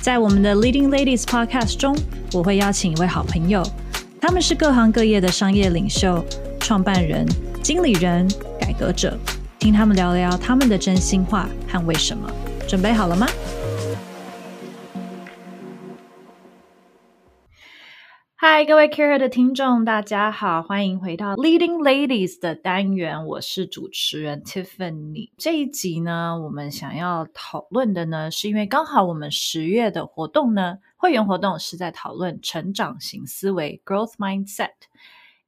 在我們的 Leading Ladies Podcast 中，我會邀請一位好朋友，他們是各行各業的商業領袖、創辦人、經理人、改革者，聽他們聊聊他們的真心話和為什麼。準備好了嗎？嗨，各位 CAREhER 的聽眾，大家好，歡迎回到 Leading Ladies 的單元。我是主持人 Tiffany。這一集呢，我們想要討論的呢，是因為剛好我們十月的活動呢，會員活動是在討論成長型思維 （growth mindset）。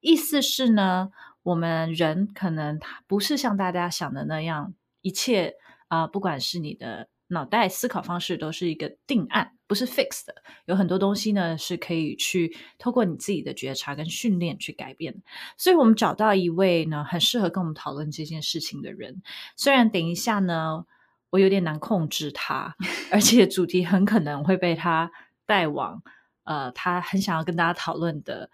意思是呢，我們人可能不是像大家想的那樣，一切啊、呃，不管是你的。腦袋思考方式都是一個定案，不是 fixed 的。有很多東西呢，是可以去透過你自己的覺察跟訓練去改變。所以我們找到一位呢，很適合跟我們討論這件事情的人。雖然等一下呢，我有點難控制他，而且主題很可能會被他帶往呃，他很想要跟大家討論的。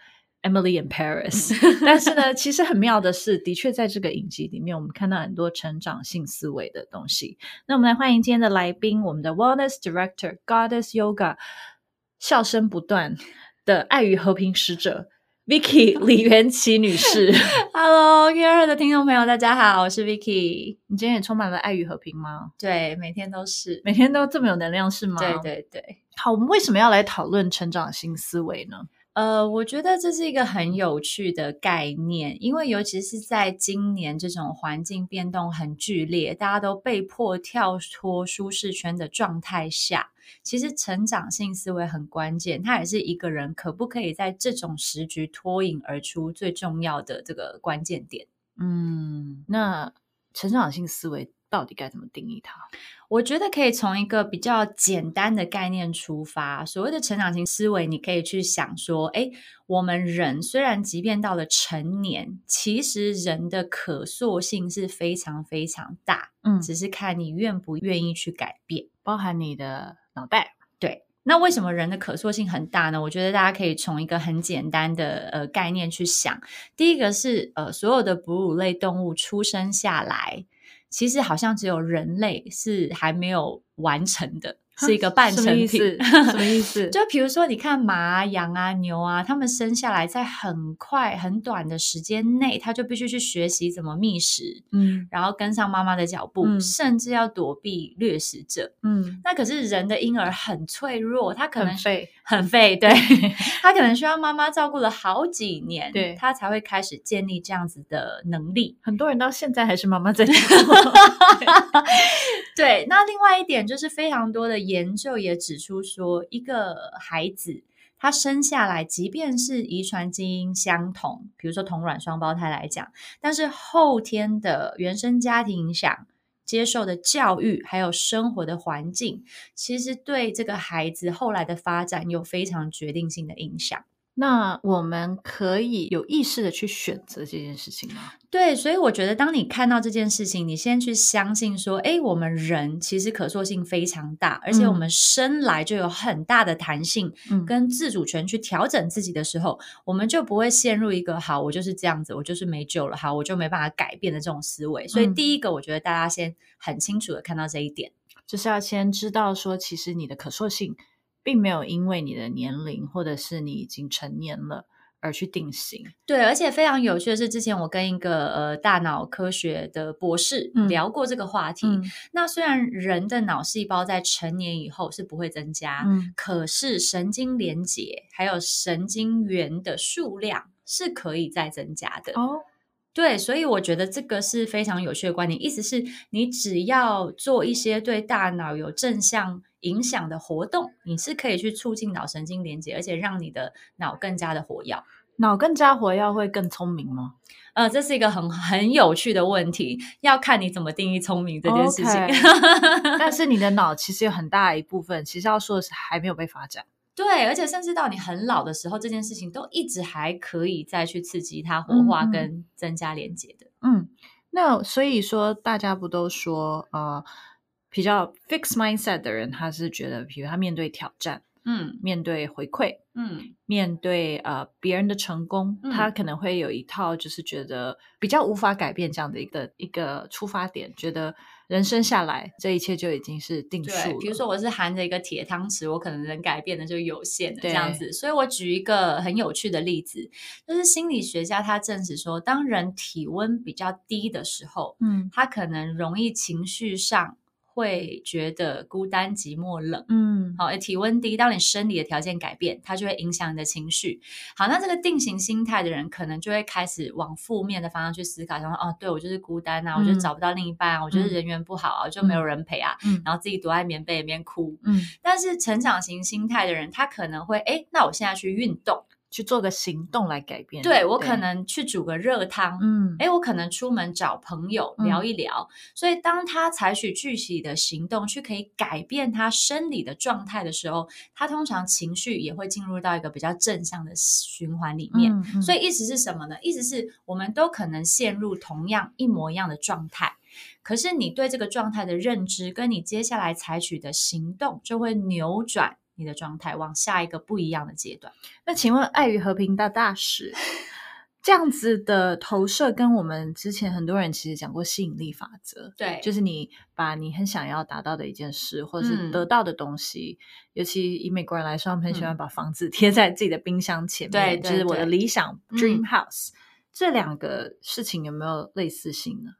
Emily in Paris，嗯、但是呢， 其實很妙的是，的確在這個影集裡面，我們看到很多成長性思維的東西。那我們來歡迎今天的來賓，我們的 Wellness Director Goddess Yoga，笑聲不斷的愛與和平使者 Vicky 李元琪女士。 Hello，CAREhER 的聽眾朋友，大家好，我是 Vicky。你今天也充滿了愛與和平嗎？對，每天都是，每天都這麼有能量是嗎？對對對。好，我們為什麼要來討論成長性思維呢？呃，我覺得這是一個很有趣的概念，因為尤其是在今年這種環境變動很劇烈，大家都被迫跳脫舒適圈的狀態下，其實成長性思維很關鍵，它也是一個人可不可以在這種時局脫穎而出最重要的這個關鍵點。嗯，那成長性思維。到底該怎麼定義它？我覺得可以從一個比較簡單的概念出發。所謂的成長型思維，你可以去想說：哎，我們人雖然即便到了成年，其實人的可塑性是非常非常大，嗯，只是看你願不願意去改變，包含你的腦袋。對，那為什麼人的可塑性很大呢？我覺得大家可以從一個很簡單的呃概念去想。第一個是呃，所有的哺乳類動物出生下來。其實好像只有人類是還沒有完成的。是一個半成品，什麼意思？ 就比如說，你看馬啊、羊啊、牛啊，他們生下來在很快、很短的時間內，他就必須去學習怎麼覓食，嗯，然後跟上媽媽的腳步，嗯、甚至要躲避掠食者，嗯。那可是人的嬰兒很脆弱，他可能很廢，對， 他可能需要媽媽照顧了好幾年，對，他才會開始建立這樣子的能力。很多人到現在還是媽媽在對，那另外一點就是，非常多的研究也指出說，一個孩子他生下來，即便是遺傳基因相同，比如說同卵雙胞胎來講，但是後天的原生家庭影響、接受的教育，還有生活的環境，其實對這個孩子後來的發展有非常決定性的影響。那我們可以有意識的去選擇這件事情嗎？對，所以我覺得，當你看到這件事情，你先去相信說，誒，我們人其實可塑性非常大，而且我們生來就有很大的彈性跟自主權去調整自己的時候，嗯，我們就不會陷入一個好，我就是這樣子，我就是沒救了，好，我就沒辦法改變的這種思維。所以，第一個，我覺得大家先很清楚的看到這一點，就是要先知道說，其實你的可塑性。並沒有因為你的年齡，或者是你已經成年了而去定型。對，而且非常有趣的是，之前我跟一個呃大腦科學的博士聊過這個話題，嗯嗯。那雖然人的腦細胞在成年以後是不會增加，嗯，可是神經連接還有神經元的數量是可以再增加的。哦，對，所以我覺得這個是非常有趣的觀點。意思是你只要做一些對大腦有正向。影響的活動，你是可以去促進腦神經連接，而且讓你的腦更加的活躍。腦更加活躍會更聰明嗎？呃，這是一個很很有趣的問題，要看你怎麼定義聰明這件事情。Okay. 但是你的腦其實有很大一部分，其實要說的是還沒有被發展。對，而且甚至到你很老的時候，這件事情都一直還可以再去刺激它活化跟增加連接的。嗯。嗯，那所以說大家不都說呃，比較 fixed mindset 的人，他是覺得，比如他面對挑戰，嗯，面對回饋，嗯，面對呃別人的成功，嗯，他可能會有一套，就是覺得比較無法改變這樣的一個一個出發點，覺得人生下來這一切就已經是定數。比如說，我是含着一個鐵湯匙，我可能能改變的就有限的這樣子。所以我舉一個很有趣的例子，就是心理學家他證實說，當人體溫比較低的時候，嗯，他可能容易情緒上。會覺得孤單、寂寞、冷。嗯，好，而體溫低，當你生理的條件改變，它就會影響你的情緒。好，那這個定型心態的人，可能就會開始往負面的方向去思考，想說，哦，對，我就是孤單啊，我覺得找不到另一半啊，嗯，我覺得人緣不好啊，嗯，就沒有人陪啊，嗯，然後自己躲在棉被裡面哭。嗯，但是成長型心態的人，他可能會，哎，那我現在去運動。去做個行動來改變，對，對，我可能去煮個熱湯，嗯，誒，我可能出門找朋友聊一聊。嗯，所以，當他採取具體的行動去可以改變他生理的狀態的時候，他通常情緒也會進入到一個比較正向的循環裡面。嗯，所以，意思是什麼呢？意思是我們都可能陷入同樣一模一樣的狀態，可是你對這個狀態的認知，跟你接下來採取的行動就會扭轉。你的狀態往下一個不一樣的階段。那請問，愛與和平的大,大使這樣子的投射，跟我們之前很多人其實講過吸引力法則， 對，就是你把你很想要達到的一件事，或者是得到的東西、嗯，尤其以美國人來說、嗯，很喜歡把房子貼在自己的冰箱前面，嗯、對,對,對，就是我的理想 dream house、嗯。這兩個事情有沒有類似性呢？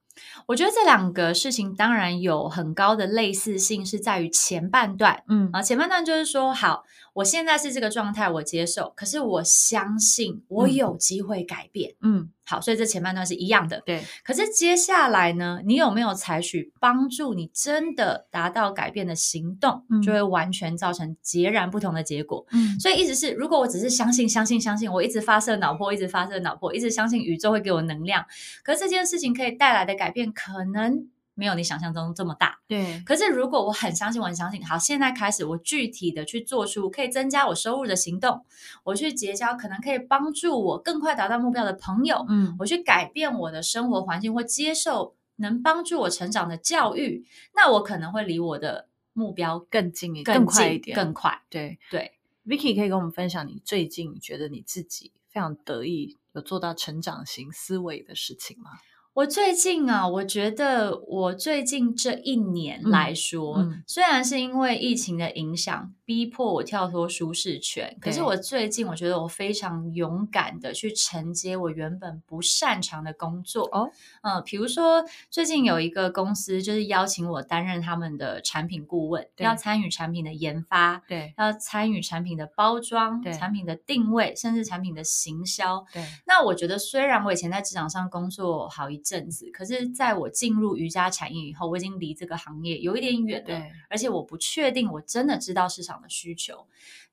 我覺得這兩個事情當然有很高的類似性，是在於前半段，嗯啊，前半段就是說，好，我現在是這個狀態，我接受，可是我相信我有機會改變，嗯。嗯好，所以這前半段是一樣的。對，可是接下來呢，你有沒有採取幫助你真的達到改變的行動，就會完全造成截然不同的結果。嗯，所以意思是，如果我只是相信、相信、相信，我一直發射腦波，一直發射腦波，一直相信宇宙會給我能量，可是這件事情可以帶來的改變可能。沒有你想象中這麼大，對。可是如果我很相信，我很相信，好，現在開始，我具體的去做出可以增加我收入的行動，我去結交可能可以幫助我更快達到目標的朋友，嗯，我去改變我的生活環境，或接受能幫助我成長的教育，那我可能會離我的目標更近一點，更快一點，更快。對對，Vicky 可以跟我們分享你最近你覺得你自己非常得意有做到成長型思維的事情嗎？我最近啊，我覺得我最近這一年來說，嗯嗯、雖然是因為疫情的影響，逼迫我跳脫舒適圈，可是我最近我覺得我非常勇敢的去承接我原本不擅長的工作。哦，嗯、呃，比如說最近有一個公司就是邀請我擔任他們的產品顧問，要參與產品的研發，對，要參與產品的包裝、產品的定位，甚至產品的行銷。對，那我覺得雖然我以前在職場上工作好一陣子，可是在我進入瑜伽產業以後，我已經離這個行業有一點遠了。對，而且我不確定我真的知道市場的需求，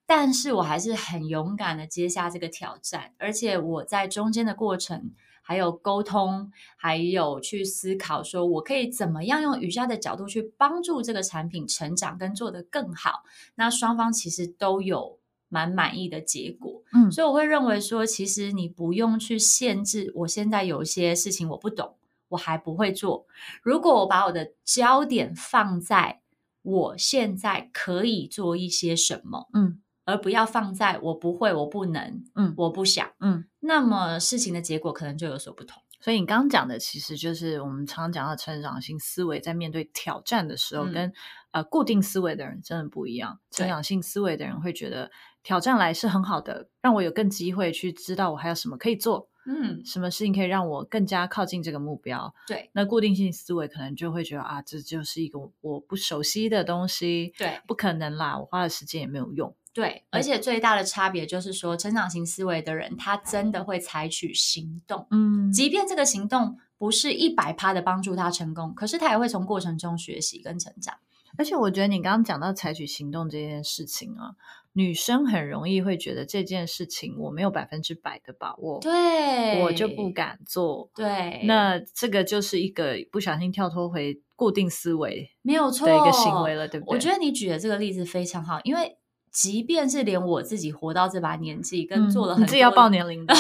但是我還是很勇敢的接下這個挑戰，而且我在中間的過程，還有溝通，還有去思考，說我可以怎麼樣用瑜伽的角度去幫助這個產品成長跟做得更好。那雙方其實都有蠻滿意的結果，嗯，所以我會認為說，其實你不用去限制，我現在有些事情我不懂，我還不會做。如果我把我的焦點放在我現在可以做一些什麼？嗯，而不要放在我不會、我不能、嗯，我不想，嗯，那麼事情的結果可能就有所不同。所以你剛剛講的其實就是我們常講的成長性思維，在面對挑戰的時候跟，跟、嗯、呃固定思維的人真的不一樣。成長性思維的人會覺得挑戰來是很好的，讓我有更機會去知道我還有什麼可以做。嗯，什麼事情可以讓我更加靠近這個目標？對，那固定性思維可能就會覺得啊，這就是一個我不熟悉的東西，對，不可能啦，我花了時間也沒有用。對，而且最大的差別就是說，成長型思維的人，他真的會採取行動，嗯，即便這個行動不是一百趴的幫助他成功，可是他也會從過程中學習跟成長。而且我覺得你剛剛講到採取行動這件事情啊。女生很容易會覺得這件事情我沒有百分之百的把握，對我就不敢做。對，那這個就是一個不小心跳脫回固定思維，沒有錯的一個行為了，對不對？我覺得你舉的這個例子非常好，因為即便是連我自己活到這把年紀，嗯、跟做了很多你自己要報年齡的，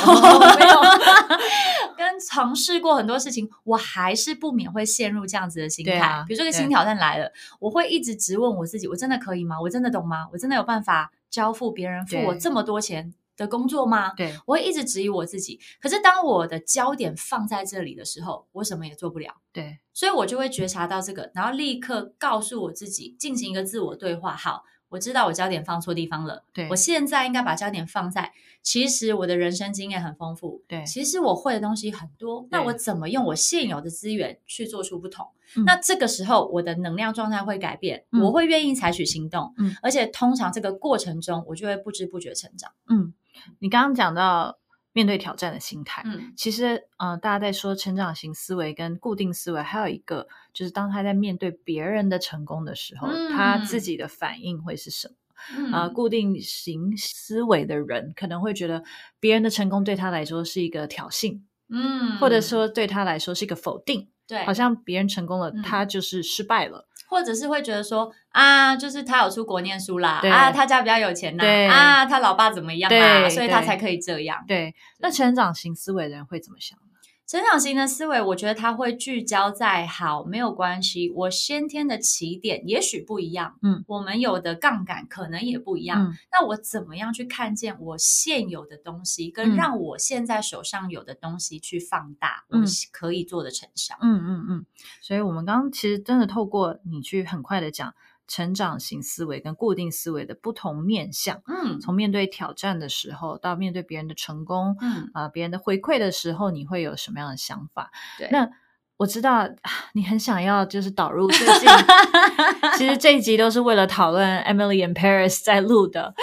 跟嘗試過很多事情，我還是不免會陷入這樣子的心態。啊、比如這個新挑戰來了，我會一直質問我自己：我真的可以嗎？我真的懂嗎？我真的有辦法？交付別人付我這麼多錢的工作嗎？對，我會一直質疑我自己。可是當我的焦點放在這裡的時候，我什麼也做不了。對，所以我就會覺察到這個，然後立刻告訴我自己進行一個自我對話。好。我知道我焦點放錯地方了，對，我現在應該把焦點放在，其實我的人生經驗很豐富，對，其實我會的東西很多，那我怎麼用我現有的資源去做出不同？嗯，那這個時候我的能量狀態會改變，嗯，我會願意採取行動，嗯，而且通常這個過程中我就會不知不覺成長。嗯，你剛剛講到。面對挑戰的心態，嗯，其實，嗯，呃，大家在說成長型思維跟固定思維，還有一個就是當他在面對別人的成功的時候，嗯，他自己的反應會是什麼？啊，嗯，呃，固定型思維的人可能會覺得別人的成功對他來說是一個挑釁，嗯，或者說對他來說是一個否定，對，好像別人成功了，嗯，他就是失敗了。或者是會覺得說啊，就是他有出國念書啦，啊，他家比較有錢呐，啊，他老爸怎麼樣啦，所以他才可以這樣。對，對對，那成長型思維的人會怎麼想？成長型的思維，我覺得它會聚焦在好，沒有關係，我先天的起點也許不一樣，嗯，我們有的槓桿可能也不一樣，嗯，那我怎麼樣去看見我現有的東西，跟讓我現在手上有的東西去放大，嗯、我可以做的成效，嗯嗯嗯，所以我們剛剛其實真的透過你去很快的講。成長型思維跟固定思維的不同面向，嗯，從面對挑戰的時候，到面對別人的成功，嗯，啊、呃，別人的回饋的時候，你會有什麼樣的想法？對，那我知道，啊，你很想要就是導入，最近 其實這一集都是為了討論 Emily and Paris 在錄的。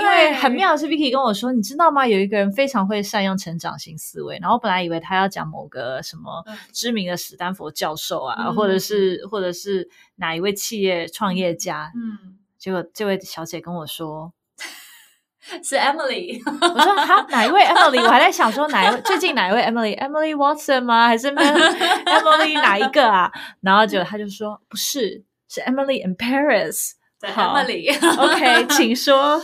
對，因為很妙的是 Vicky 跟我說，你知道嗎？有一個人非常會善用成長型思維。然後我本來以為他要講某個什麼知名的史丹佛教授啊，嗯，或者是或者是哪一位企業創業家。嗯，結果這位小姐跟我說是 Emily。我說好，哪一位 Emily？我還在想說哪一位最近哪一位 Emily？Emily Emily Watson 嗎？還是 Emily 哪一個啊？ 然後就他就說不是，是 Emily in Paris 對。對，Emily。OK，請說。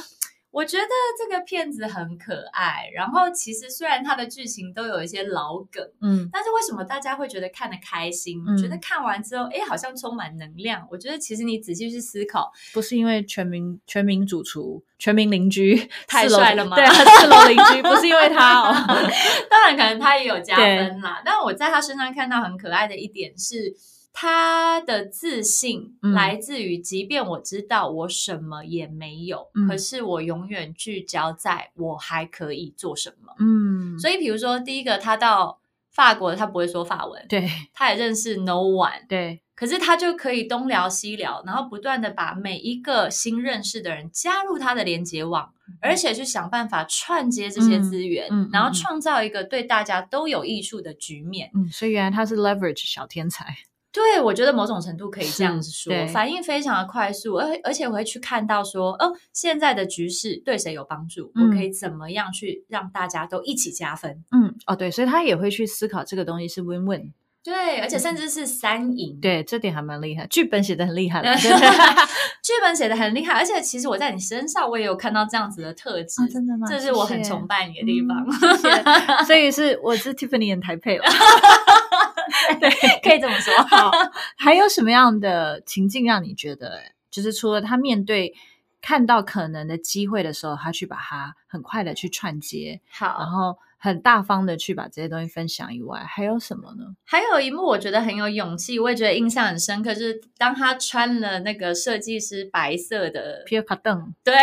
我覺得這個片子很可愛，然後其實雖然它的劇情都有一些老梗，嗯，但是為什麼大家會覺得看得開心？嗯，覺得看完之後，哎，好像充滿能量。我覺得其實你仔細去思考，不是因為全《全民全民主廚》《全民鄰居》太帥了嗎？對啊，四樓鄰居不是因為他哦， 當然可能他也有加分啦。但我在他身上看到很可愛的一點是，他的自信來自於，即便我知道我什麼也沒有、嗯嗯，可是我永遠聚焦在我還可以做什麼。嗯，所以比如說，第一個，他到法國，他不會說法文，對，他也認識 no one，對，可是他就可以東聊西聊，然後不斷的把每一個新認識的人加入他的連接網，嗯、而且去想辦法串接這些資源，嗯嗯嗯、然後創造一個對大家都有益處的局面。嗯，所以原來他是 leverage 小天才。對，我覺得某種程度可以這樣子說，反應非常的快速，而而且我會去看到說，哦、呃，現在的局勢對誰有幫助、嗯，我可以怎麼樣去讓大家都一起加分？嗯，哦，對，所以他也會去思考這個東西是 win-win，對，而且甚至是三贏、嗯，對，這點還蠻厲害，劇本寫得很厲害， 劇本寫得很厲害，而且其實我在你身上我也有看到這樣子的特質，啊、真的嗎？這是我很崇拜你的地方，謝謝，嗯、 所以是我是 Tiffany in Taipei。對， 可以這麼說。好， 還有什麼樣的情境讓你覺得，就是除了他面對看到可能的機會的時候，他去把它很快的去串接，好，然後。很大方的去把這些東西分享以外，還有什麼呢？還有一幕我覺得很有勇氣，我也覺得印象很深刻，是當他穿了那個設計師白色的皮爾卡登，對，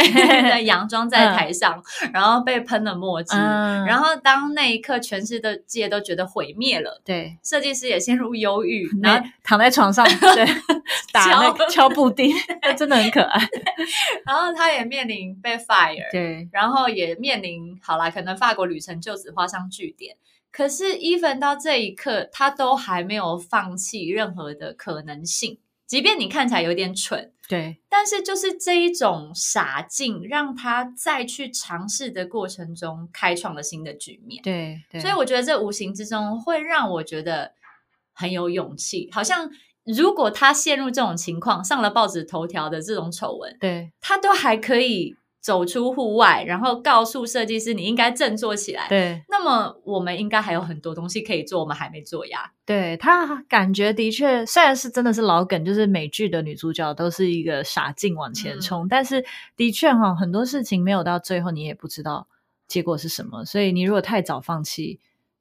的洋裝在台上，嗯、然後被噴了墨汁、嗯，然後當那一刻，全世界都覺得毀滅了，對、嗯，設計師也陷入憂鬱，然後躺在床上， 對，打那個敲布丁， 真的很可愛。然後他也面臨被 fire，對，然後也面臨好啦，可能法國旅程就。畫上句點，可是 even 到這一刻，他都還沒有放棄任何的可能性，即便你看起來有點蠢，對，但是就是這一種傻勁，讓他再去嘗試的過程中開創了新的局面，對，對，所以我覺得這無形之中會讓我覺得很有勇氣，好像如果他陷入這種情況，上了報紙頭條的這種醜聞，對他都還可以。走出戶外，然後告訴設計師，你應該振作起來。對，那麼我們應該還有很多東西可以做，我們還沒做呀。對，他感覺的確，雖然是真的是老梗，就是美劇的女主角都是一個傻勁往前衝，嗯，但是的確哈、哦，很多事情沒有到最後，你也不知道結果是什麼，所以你如果太早放棄。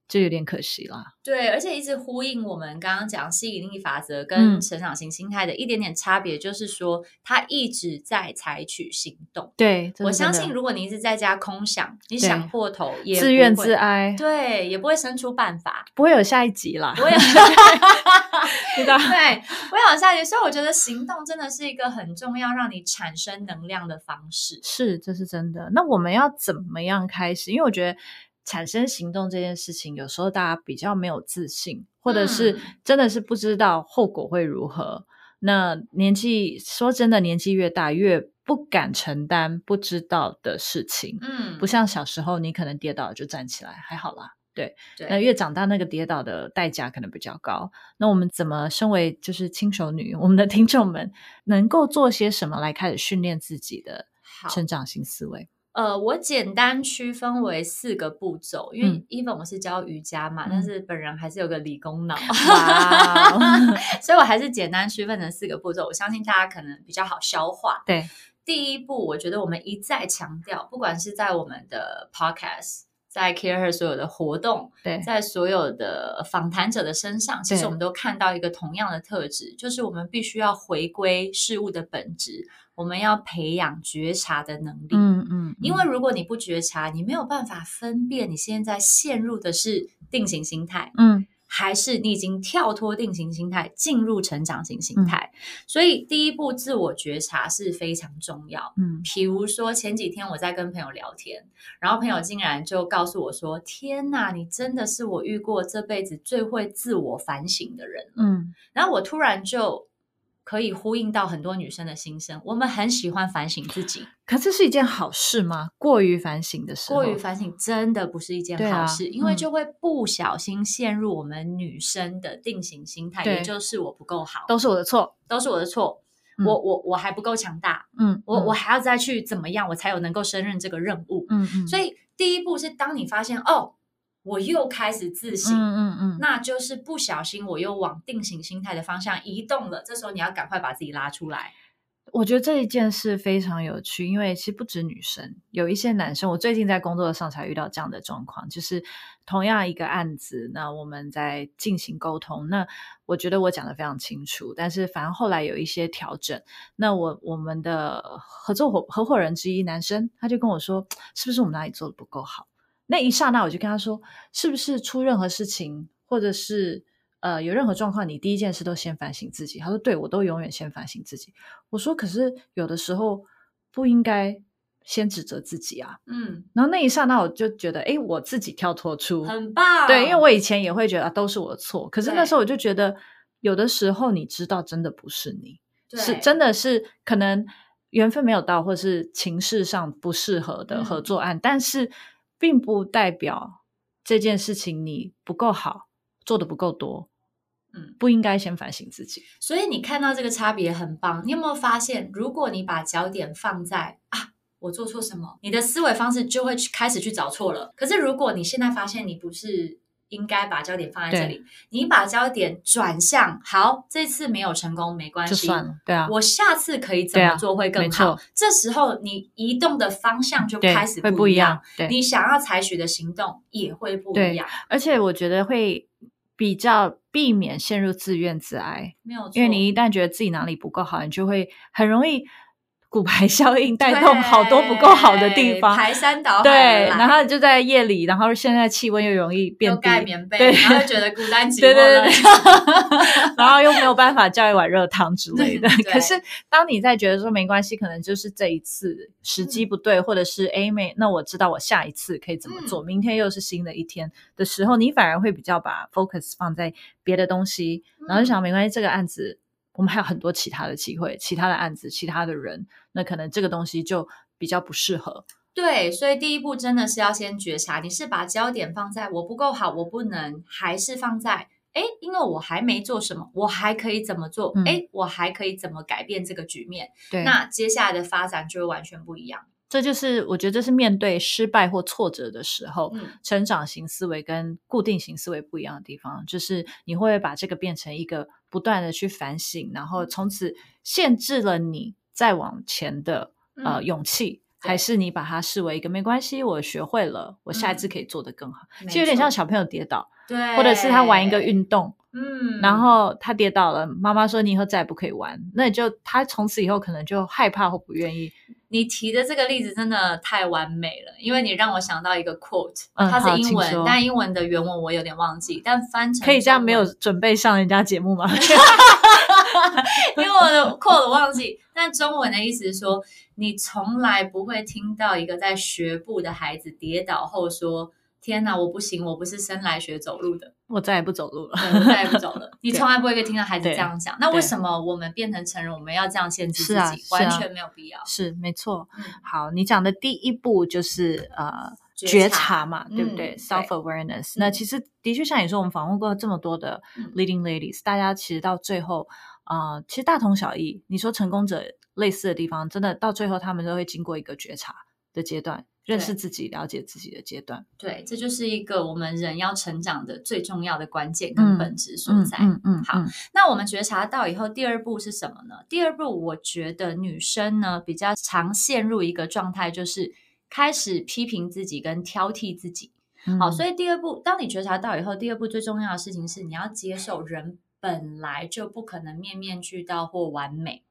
就有點可惜啦。對，而且一直呼應我們剛剛講吸引力法則跟成長型心態的一點點差別，嗯、就是說他一直在採取行動。對真的，我相信如果你一直在家空想，你想破頭也，自怨自哀，對，也不會生出辦法，不會有下一集啦。不會有下一集 知道，對我也有下一集，所以我覺得行動真的是一個很重要讓你產生能量的方式。是，這是真的。那我們要怎麼樣開始？因為我覺得。產生行動這件事情，有時候大家比較沒有自信，或者是真的是不知道後果會如何。嗯、那年紀說真的，年紀越大越不敢承擔不知道的事情。嗯，不像小時候，你可能跌倒了就站起來，還好啦。對，對那越長大，那個跌倒的代價可能比較高。那我們怎麼身為就是輕熟女，我們的聽眾們能夠做些什麼來開始訓練自己的成長型思維？呃，我簡單區分為四個步驟，嗯、因為 even 我是教瑜伽嘛、嗯，但是本人還是有個理工腦，哈、哦。哦、 所以我還是簡單區分成四個步驟，我相信大家可能比較好消化。對，第一步，我覺得我們一再強調，不管是在我們的 Podcast，在 CAREhER 所有的活動，對，在所有的訪談者的身上，其實我們都看到一個同樣的特質，就是我們必須要回歸事物的本質，我們要培養覺察的能力。嗯因為如果你不覺察，你沒有辦法分辨你現在陷入的是定型心態，嗯，還是你已經跳脫定型心態，進入成長型心態。嗯、所以第一步自我覺察是非常重要。嗯，比如說前幾天我在跟朋友聊天，嗯、然後朋友竟然就告訴我說、嗯：“天哪，你真的是我遇過這輩子最會自我反省的人了。”嗯，然後我突然就。可以呼應到很多女生的心聲，我們很喜歡反省自己，可這是，是一件好事嗎？過於反省的時候。過於反省真的不是一件好事，啊嗯，因為就會不小心陷入我們女生的定型心態，也就是我不夠好，都是我的錯，都是我的錯，嗯，我我我還不夠強大，嗯，我我還要再去怎麼樣，我才有能夠勝任這個任務，嗯嗯，所以第一步是當你發現哦，我又開始自省，嗯嗯嗯，那就是不小心我又往定型心態的方向移動了，這時候你要趕快把自己拉出來。我覺得這一件事非常有趣，因為其實不止女生，有一些男生，我最近在工作上才遇到這樣的狀況，就是同樣一個案子，那我們在進行溝通，那我覺得我講的非常清楚，但是反而後來有一些調整。那我我們的合作夥合夥人之一男生，他就跟我說，是不是我們哪裡做的不夠好？那一剎那，我就跟他說：“是不是出任何事情，或者是呃有任何狀況，你第一件事都先反省自己？”他說：“對，我都永遠先反省自己。”我說：“可是有的時候不應該先指責自己啊。”嗯，然後那一剎那，我就覺得：“誒、欸，我自己跳脫出，很棒。”對，因為我以前也會覺得、啊、都是我的錯，可是那時候我就覺得，有的時候你知道，真的不是你，是真的是可能緣分沒有到，或者是情勢上不適合的合作案，嗯、但是。並不代表這件事情你不夠好，做得不夠多，嗯，不應該先反省自己。所以你看到這個差別很棒，你有沒有發現？如果你把焦點放在啊，我做錯什麼，你的思維方式就會去開始去找錯了。可是如果你現在發現你不是。應該把焦點放在這裡。你把焦點轉向，好，這次沒有成功沒關係，就算了。對啊，我下次可以怎麼做會更好？啊、這時候你移動的方向就開始不會不一樣，對，你想要採取的行動也會不一樣。對，而且我覺得會比較避免陷入自怨自艾，沒有錯。因為你一旦覺得自己哪裡不夠好，你就會很容易。骨牌效應帶動好多不夠好的地方，排山倒海。對，然後就在夜裡，然後現在氣溫又容易變低，又蓋棉被，對，然後又覺得孤單寂寞。對對,對,對,對 然後又沒有辦法叫一碗熱湯之類的。可是，當你在覺得說沒關係，可能就是這一次時機不對，嗯、或者是誒，沒，那我知道我下一次可以怎麼做、嗯。明天又是新的一天的時候，你反而會比較把 focus 放在別的東西，嗯、然後就想沒關係，這個案子。我們還有很多其他的機會、其他的案子、其他的人，那可能這個東西就比較不適合。對，所以第一步真的是要先覺察，你是把焦點放在我不夠好，我不能，還是放在哎，因為我還沒做什麼，我還可以怎麼做？哎、嗯，我還可以怎麼改變這個局面？對，那接下來的發展就會完全不一樣。這就是我覺得這是面對失敗或挫折的時候、嗯，成長型思維跟固定型思維不一樣的地方，就是你會把這個變成一個。不斷的去反省，然後從此限制了你再往前的、嗯、呃勇氣，還是你把它視為一個沒關係，我學會了，我下一次可以做得更好。其實、嗯、有點像小朋友跌倒，對，或者是他玩一個運動，嗯，然後他跌倒了，媽媽說，你以後再也不可以玩，那你就他從此以後可能就害怕或不願意。你提的這個例子真的太完美了，因為你讓我想到一個 quote，、嗯、它是英文，但英文的原文我有點忘記，但翻成中文。可以這樣沒有準備上人家節目嗎？ 因為我的 quote 我忘記， 但中文的意思是說，你從來不會聽到一個在學步的孩子跌倒後說：“天哪，我不行，我不是生來學走路的。”我再也不走路了，再也不走了。你從來不會聽到孩子這樣講。那為什麼我們變成成人，我們要這樣限制自己？啊啊、完全沒有必要。是沒錯、嗯。好，你講的第一步就是呃覺察，覺察嘛，對不對、嗯、？Self awareness 對。那其實的確像你說，我們訪問過這麼多的 leading ladies，、嗯、大家其實到最後啊、呃，其實大同小異。你說成功者類似的地方，真的到最後他們都會經過一個覺察的階段，認識自己、了解自己的階段，對，這就是一個我們人要成長的最重要的關鍵跟本質所在。嗯，嗯，嗯，嗯，好，那我們覺察到以後，第二步是什麼呢？第二步，我覺得女生呢比較常陷入一個狀態，就是開始批評自己跟挑剔自己。嗯。好，所以第二步，當你覺察到以後，第二步最重要的事情是你要接受人本來就不可能面面俱到或完美。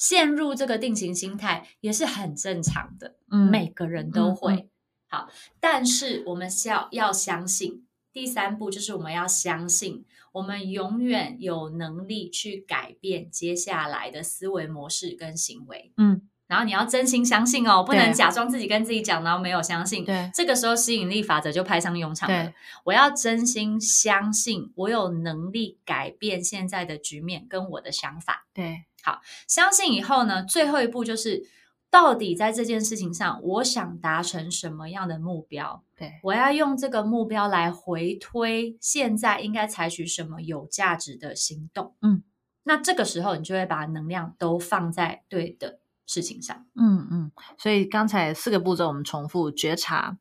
陷入這個定型心態也是很正常的，嗯、每個人都會、嗯、好。但是我們需要要相信，第三步就是我們要相信，我們永遠有能力去改變接下來的思維模式跟行為。嗯，然後你要真心相信哦，不能假裝自己跟自己講，然後沒有相信。對，這個時候吸引力法則就派上用場了，對。我要真心相信，我有能力改變現在的局面跟我的想法。對。好，相信以後呢，最後一步就是，到底在這件事情上，我想達成什麼樣的目標？對，我要用這個目標來回推，現在應該採取什麼有價值的行動？嗯，那這個時候你就會把能量都放在對的事情上。嗯嗯，所以剛才四個步驟我們重複覺察，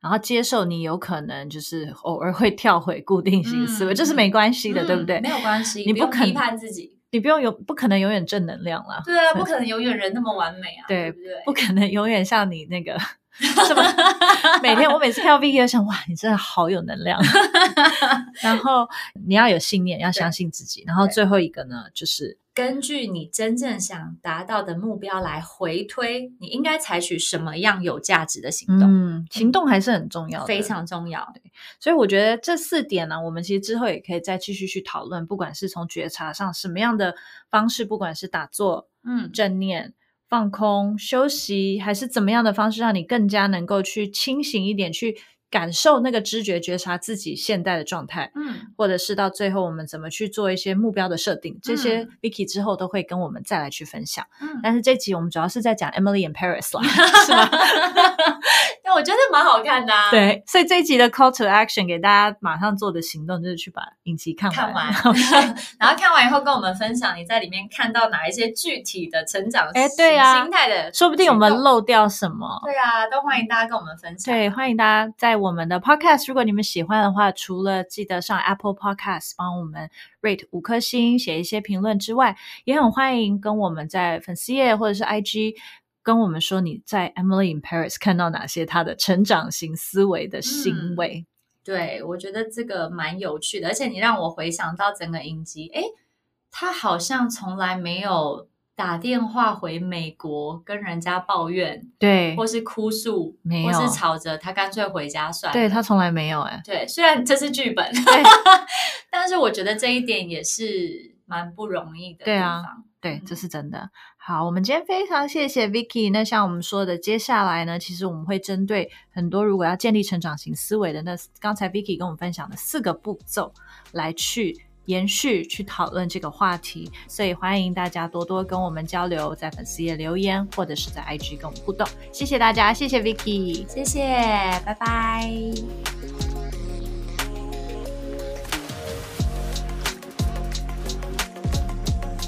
然後接受，你有可能就是偶爾會跳回固定型思維，嗯，這是沒關係的，嗯，對不對？嗯，沒有關係，你不批判自己。你不用有不可能永遠正能量啦。對啊，對不可能永遠人那麼完美啊，對，對不對？不可能永遠像你那個。是 嗎？每天我每次看到 Vicky，我想哇，你真的好有能量。 然後你要有信念，要相信自己。然後最後一個呢，就是根據你真正想達到的目標來回推，你應該採取什麼樣有價值的行動。嗯，行動還是很重要的，嗯、非常重要。所以我覺得這四點呢、啊，我們其實之後也可以再繼續去討論。不管是從覺察上，什麼樣的方式，不管是打坐，嗯，正念。放空、休息，還是怎麼樣的方式，讓你更加能夠去清醒一點，去感受那個知覺、覺察自己現在的狀態。嗯，或者是到最後我們怎麼去做一些目標的設定，這些 Vicky 之後都會跟我們再來去分享。嗯、但是這集我們主要是在講 Emily in Paris 啦，嗯、是嗎？ 那我覺得蠻好看的。啊。對，所以這一集的 call to action 給大家馬上做的行動就是去把影集看完，看完，okay、 然後看完以後跟我們分享你在裡面看到哪一些具體的成長，哎、欸，對啊，心態的，說不定我們漏掉什麼。對啊，都歡迎大家跟我們分享。對，歡迎大家在我們的 podcast，如果你們喜歡的話，除了記得上 Apple Podcast 幫我們 rate 五顆星，寫一些評論之外，也很歡迎跟我們在粉絲頁或者是 IG。跟我們說你在 Emily in Paris 看到哪些他的成長型思維的行為？嗯，對，我覺得這個蠻有趣的，而且你讓我回想到整個影集，哎，他好像從來沒有打電話回美國跟人家抱怨，對，或是哭訴，沒有，或是吵着，他乾脆回家算了，對，他從來沒有、欸，哎，對，雖然這是劇本，對 但是我覺得這一點也是蠻不容易的地方。對啊，對，嗯，這是真的。好，我們今天非常謝謝 Vicky。那像我們說的，接下來呢，其實我們會針對很多如果要建立成長型思維的，那剛才 Vicky 跟我們分享的四個步驟來去延續去討論這個話題，所以歡迎大家多多跟我們交流，在粉絲頁留言或者是在 IG 跟我們互動。謝謝大家，謝謝 Vicky，謝謝，拜拜。